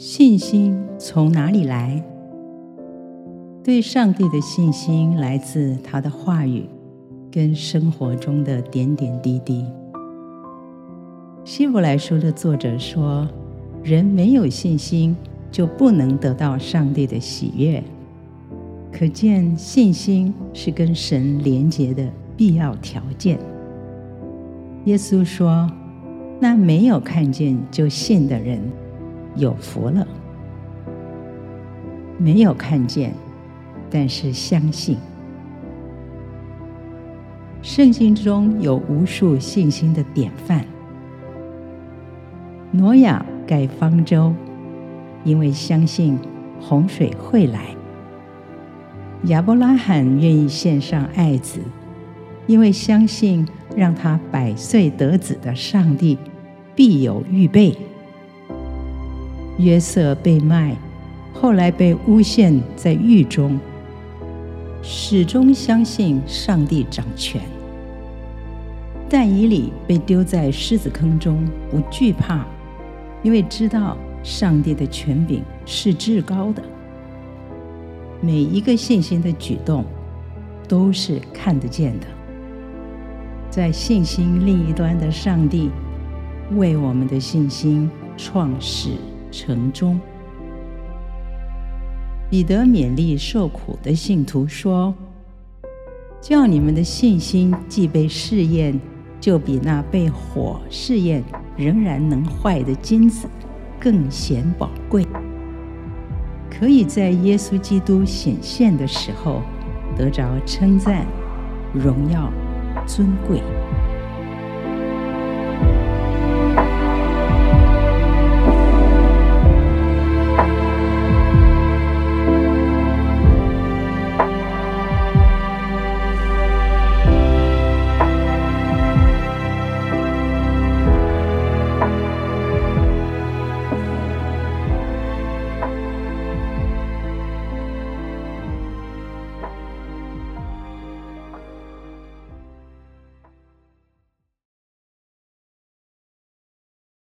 信心從哪裡來？對上帝的信心來自他的話語，跟生活中的點點滴滴。希伯來書的作者說：“人沒有信心，就不能得到上帝的喜悅。”可見信心是跟神連接的必要條件。耶穌說：“那沒有看見就信的人。”有福了，沒有看見，但是相信。聖經中有無數信心的典範。挪亞蓋方舟，因為相信洪水會來；亞伯拉罕願意獻上愛子，因為相信讓他百歲得子的上帝必有預備。約瑟被賣，後來被誣陷在獄中，始終相信上帝掌權。但以理被丟在獅子坑中，不懼怕，因為知道上帝的權柄是至高的。每一個信心的舉動都是看得見的，在信心另一端的上帝為我們的信心創始。城中，彼得勉勵受苦的信徒說：“叫你們的信心既被試驗，就比那被火試驗仍然能壞的金子，更顯寶貴，可以在耶穌基督顯現的時候得着稱讚、榮耀、尊貴。”